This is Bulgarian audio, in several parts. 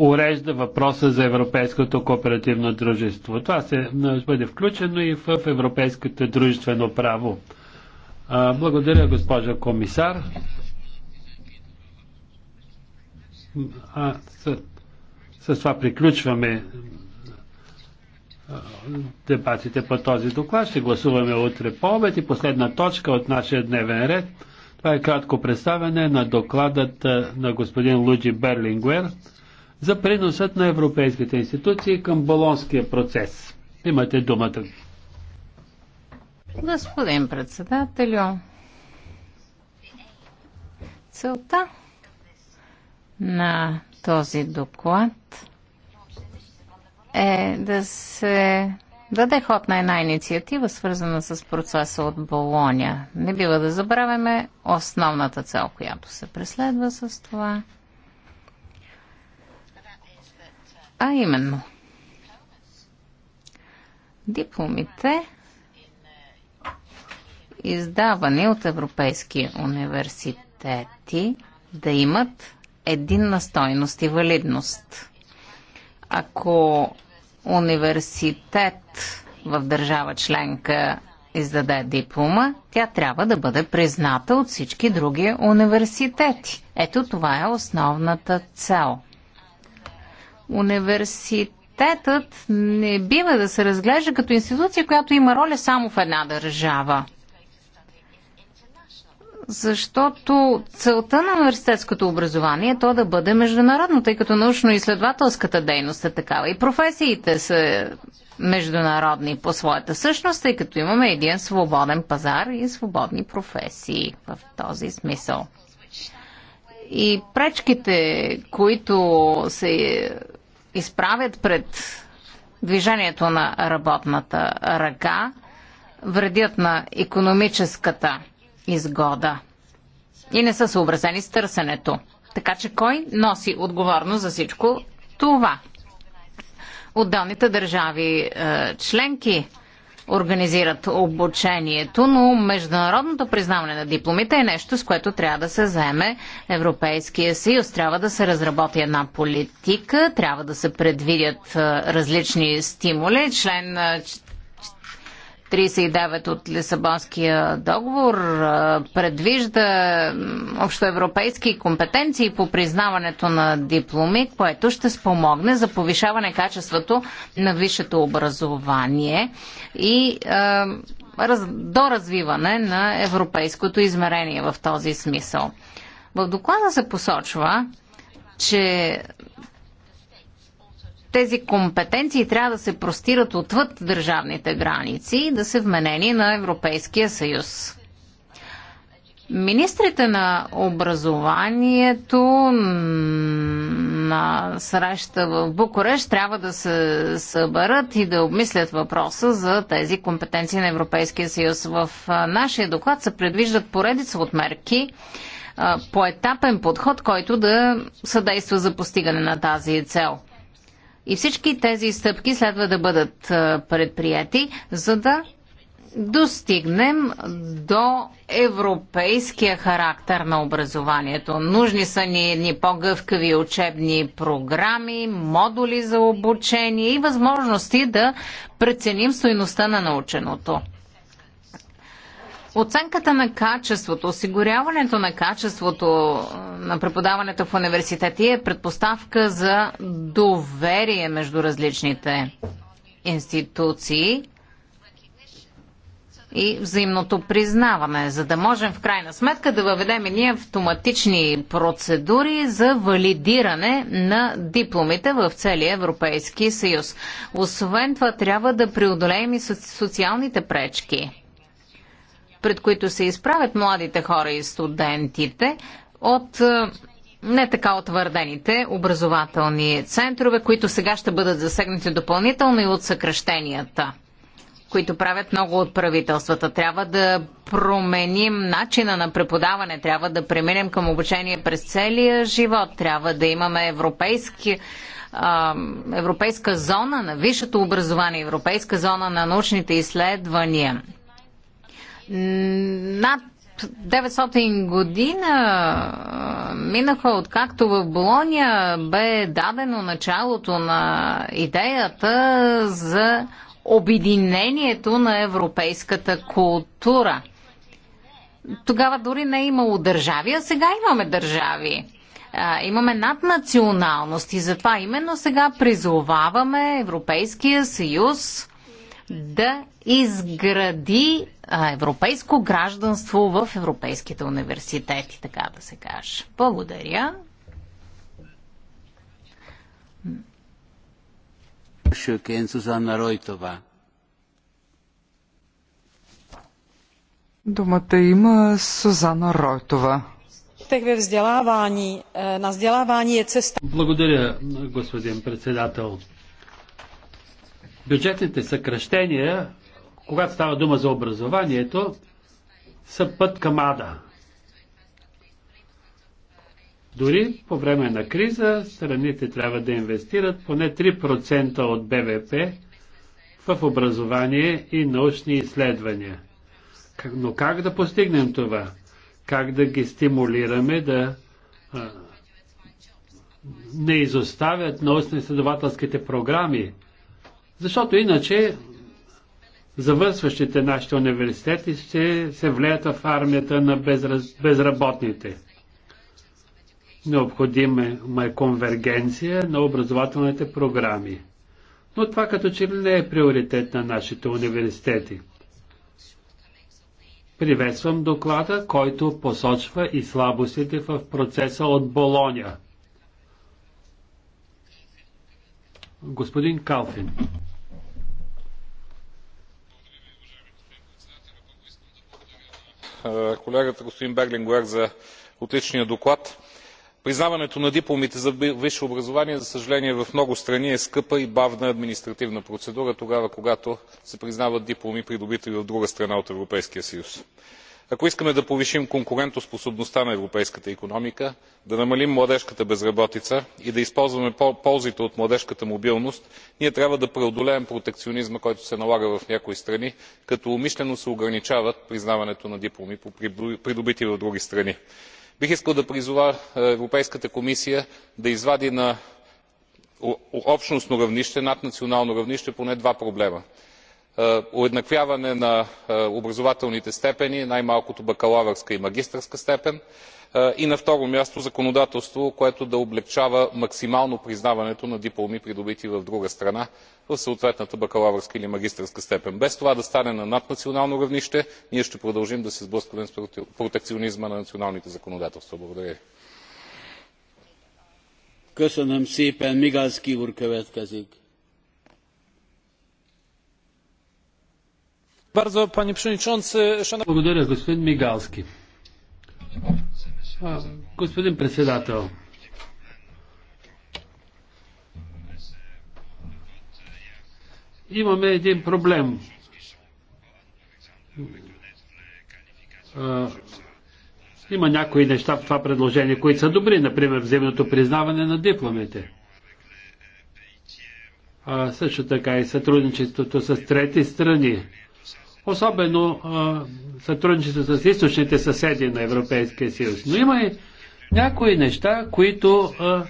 урежда въпроса за Европейското кооперативно дружество. Това се бъде включено и в Европейското дружествено право. Благодаря, госпожа комисар. А, с, с това приключваме дебатите по този доклад. Ще гласуваме утре по обед и последна точка от нашия дневен ред. Това е кратко представяне на докладът на господин Луджи Берлингуер за приносът на европейските институции към балонския процес. Имате думата. Господин председателю, целта на този доклад е да се даде ход на една инициатива, свързана с процеса от Болония. Не бива да забравяме основната цел, която се преследва с това – А именно, дипломите, издавани от европейски университети, да имат единна стойност и валидност. Ако университет в държава членка издаде диплома, тя трябва да бъде призната от всички други университети. Ето това е основната цел – Университетът не бива да се разглежда като институция, която има роля само в една държава защото целта на университетското образование е то да бъде международно, тъй като научно-изследователската дейност е такава и професиите са международни по своята същност, тъй като имаме един свободен пазар и свободни професии в този смисъл. И пречките, които се изправят пред движението на работната ръка, вредят на економическата изгода и не са съобразени с търсенето. Така че кой носи отговорност за всичко това? Отделните държави е, членки организират обучението, но международното признаване на дипломите е нещо, с което трябва да се заеме Европейския съюз. Трябва да се разработи една политика, трябва да се предвидят различни стимули. Член 39 от Лисабонския договор предвижда общоевропейски компетенции по признаването на дипломи, което ще спомогне за повишаване качеството на висшето образование и раз, доразвиване на европейското измерение в този смисъл. В доклада се посочва, че тези компетенции трябва да се простират отвъд държавните граници и да са вменени на Европейския съюз. Министрите на образованието на среща в Букурещ трябва да се съберат и да обмислят въпроса за тези компетенции на Европейския съюз. В нашия доклад се предвиждат поредица от мерки, поетапен подход, който да съдейства за постигане на тази цел. И всички тези стъпки следва да бъдат предприяти, за да достигнем до европейския характер на образованието. Нужни са ни ни по-гъвкави учебни програми, модули за обучение и възможности да преценим стоиността на наученото. Оценката на качеството, осигуряването на качеството е, на преподаването в университети е предпоставка за доверие между различните институции и взаимното признаване, за да можем в крайна сметка да въведем и ние автоматични процедури за валидиране на дипломите в целия Европейски съюз. Освен това трябва да преодолеем и социалните пречки пред които се изправят младите хора и студентите от е, не така утвърдените образователни центрове, които сега ще бъдат засегнати допълнително и от съкръщенията които правят много от правителствата. Трябва да променим начина на преподаване, трябва да преминем към обучение през целия живот, трябва да имаме европейски, европейска зона на висшето образование, европейска зона на научните изследвания. Над 900 година минаха откакто в Болония бе дадено началото на идеята за обединението на европейската култура. Тогава дори не е имало държави, а сега имаме държави. А, имаме наднационалност и затова именно сега призоваваме Европейския съюз да изгради а, европейско гражданство в европейските университети, така да се каже. Благодаря. Думата има Сузана Ройтова. Е, е Благодаря, господин председател бюджетните съкръщения, когато става дума за образованието, са път към ада. Дори по време на криза страните трябва да инвестират поне 3% от БВП в образование и научни изследвания. Но как да постигнем това? Как да ги стимулираме да а, не изоставят научно-изследователските програми? Защото иначе завършващите нашите университети ще се влеят в армията на безраз... безработните. Необходима е конвергенция на образователните програми. Но това като че ли не е приоритет на нашите университети. Приветствам доклада, който посочва и слабостите в процеса от Болоня. Господин Калфин. Е, колегата господин Берлингуер за отличния доклад. Признаването на дипломите за висше образование, за съжаление, в много страни е скъпа и бавна административна процедура тогава, когато се признават дипломи, придобити в друга страна от Европейския съюз ако искаме да повишим конкурентоспособността на европейската икономика да намалим младежката безработица и да използваме ползите от младежката мобилност ние трябва да преодолеем протекционизма който се налага в някои страни като умишлено се ограничава признаването на дипломи придобити в други страни. бих искал да призова е, европейската комисия да извади на общностно равнище наднационално равнище поне два проблема. Е, уеднаквяване на е, образователните степени най малкото бакалавърска и магистърска степен е, и на второ място законодателство което да облекчава максимално признаването на дипломи придобити в друга страна в съответната бакалавърска или магистърска степен. без това да стане на наднационално равнище ние ще продължим да се сблъскваме с протекционизма на националните законодателства. благодаря ви. Благодаря, господин Мигалски. Господин председател, имаме един проблем. Има някои неща в това предложение, които са добри, например взаимното признаване на дипломите. А също така и сътрудничеството с трети страни особено а, сътрудничество с източните съседи на Европейския съюз. Но има и някои неща, които а,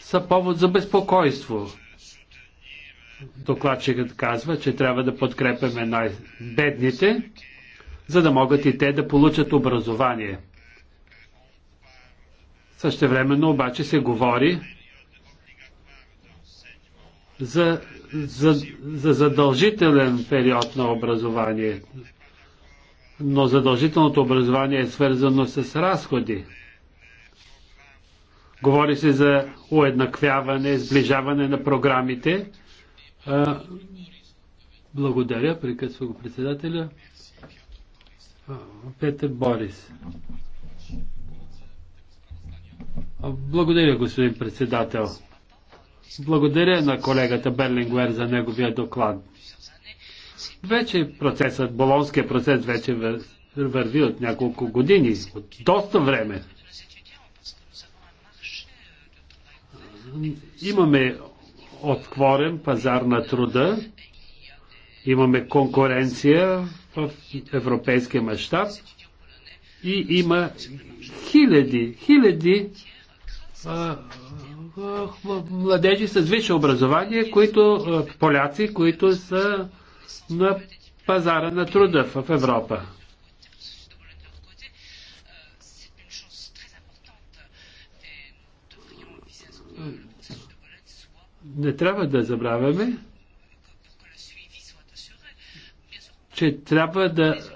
са повод за безпокойство. Докладчикът казва, че трябва да подкрепяме най-бедните, за да могат и те да получат образование. Същевременно обаче се говори за, за, за задължителен период на образование. Но задължителното образование е свързано с разходи. Говори се за уеднаквяване, сближаване на програмите. А, благодаря, прекъсва го председателя. Петър Борис. Благодаря, господин председател. Благодаря на колегата Берлингуер за неговия доклад. Вече процесът, болонския процес вече върви от няколко години, от доста време. Имаме отворен пазар на труда, имаме конкуренция в европейския мащаб и има хиляди, хиляди младежи с висше образование, които, поляци, които са на пазара на труда в Европа. Не трябва да забравяме, че трябва да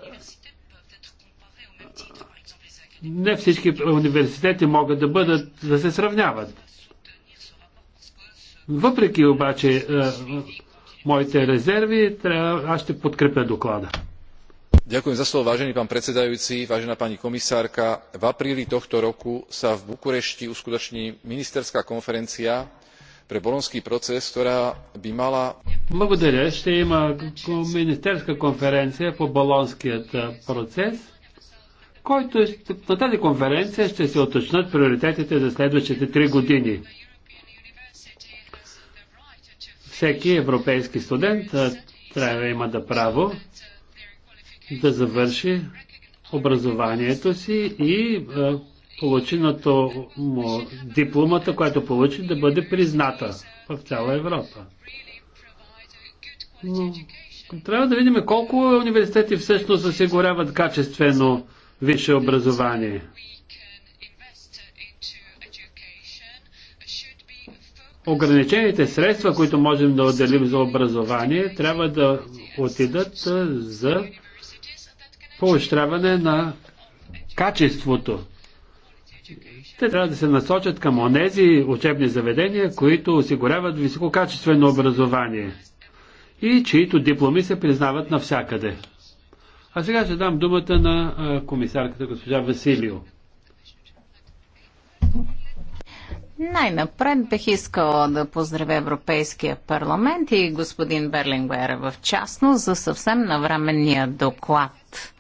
не всички университети могат да бъдат, да се сравняват. Въпреки обаче е, моите резерви, аз ще подкрепя доклада. Ďakujem za slovo, vážený pán predsedajúci, vážená pani komisárka. V apríli tohto roku sa v Bukurešti uskutoční ministerská konferencia pre bolonský proces, ktorá by mala... Благодаря. Ще има министерска конференция по bolonský proces който е- на тази конференция ще се оточнат приоритетите за следващите три години. Всеки европейски студент трябва да има да право да завърши образованието си и полученото му дипломата, която получи, да бъде призната в цяла Европа. Но трябва да видим колко университети всъщност осигуряват качествено висше образование. Ограничените средства, които можем да отделим за образование, трябва да отидат за поощряване на качеството. Те трябва да се насочат към онези учебни заведения, които осигуряват висококачествено образование и чието дипломи се признават навсякъде. А сега ще дам думата на комисарката госпожа Василио. Най-напред бих искала да поздравя Европейския парламент и господин Берлингуера в частност за съвсем навременния доклад.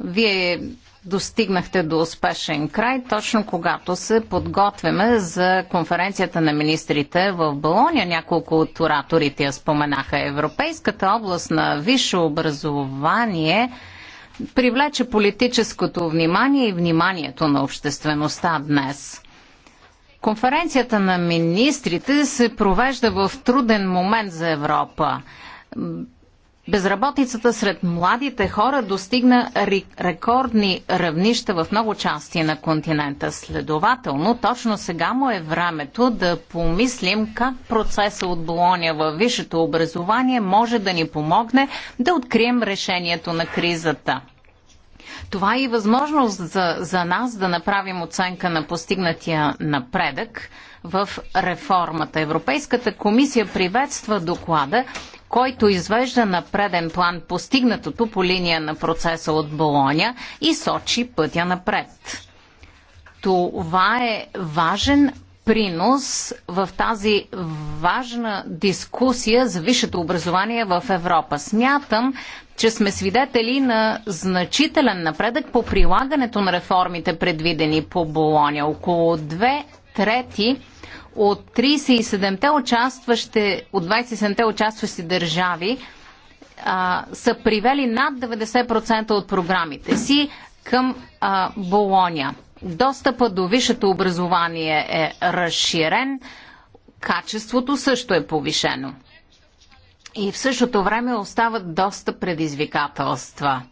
Вие достигнахте до успешен край, точно когато се подготвяме за конференцията на министрите в Болония. Няколко от ораторите я споменаха. Европейската област на висше образование привлече политическото внимание и вниманието на обществеността днес. Конференцията на министрите се провежда в труден момент за Европа Безработицата сред младите хора достигна рекордни равнища в много части на континента. Следователно, точно сега му е времето да помислим как процеса от Болония във висшето образование може да ни помогне да открием решението на кризата. Това е и възможност за, за нас да направим оценка на постигнатия напредък в реформата. Европейската комисия приветства доклада който извежда на преден план постигнатото по линия на процеса от Болоня и сочи пътя напред. Това е важен принос в тази важна дискусия за висшето образование в Европа. Смятам, че сме свидетели на значителен напредък по прилагането на реформите, предвидени по Болоня. Около две трети от 37-те участващи, от 27-те участващи държави а, са привели над 90% от програмите си към а, Болония. Достъпа до висшето образование е разширен, качеството също е повишено. И в същото време остават доста предизвикателства.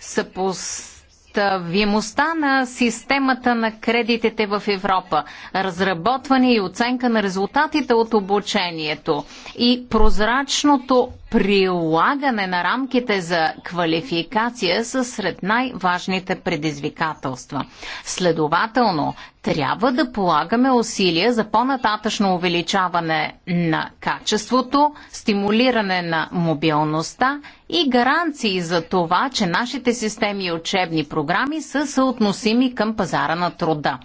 Съпос съпоставимостта на системата на кредитите в Европа, разработване и оценка на резултатите от обучението и прозрачното прилагане на рамките за квалификация са сред най-важните предизвикателства. Следователно, трябва да полагаме усилия за по-нататъчно увеличаване на качеството, стимулиране на мобилността и гаранции за това, че нашите системи и учебни програми са съотносими към пазара на труда.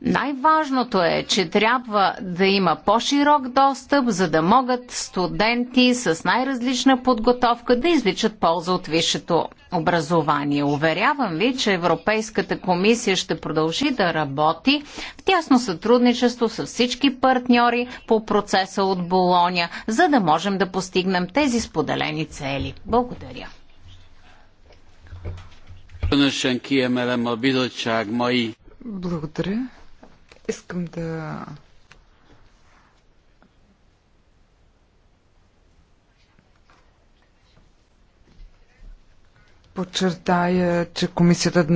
Най-важното е, че трябва да има по-широк достъп, за да могат студенти с най-различна подготовка да извличат полза от висшето образование. Уверявам ви, че Европейската комисия ще продължи да работи в тясно сътрудничество с всички партньори по процеса от Болоня, за да можем да постигнем тези споделени цели. Благодаря. Благодаря. Искам да подчертая, че комисията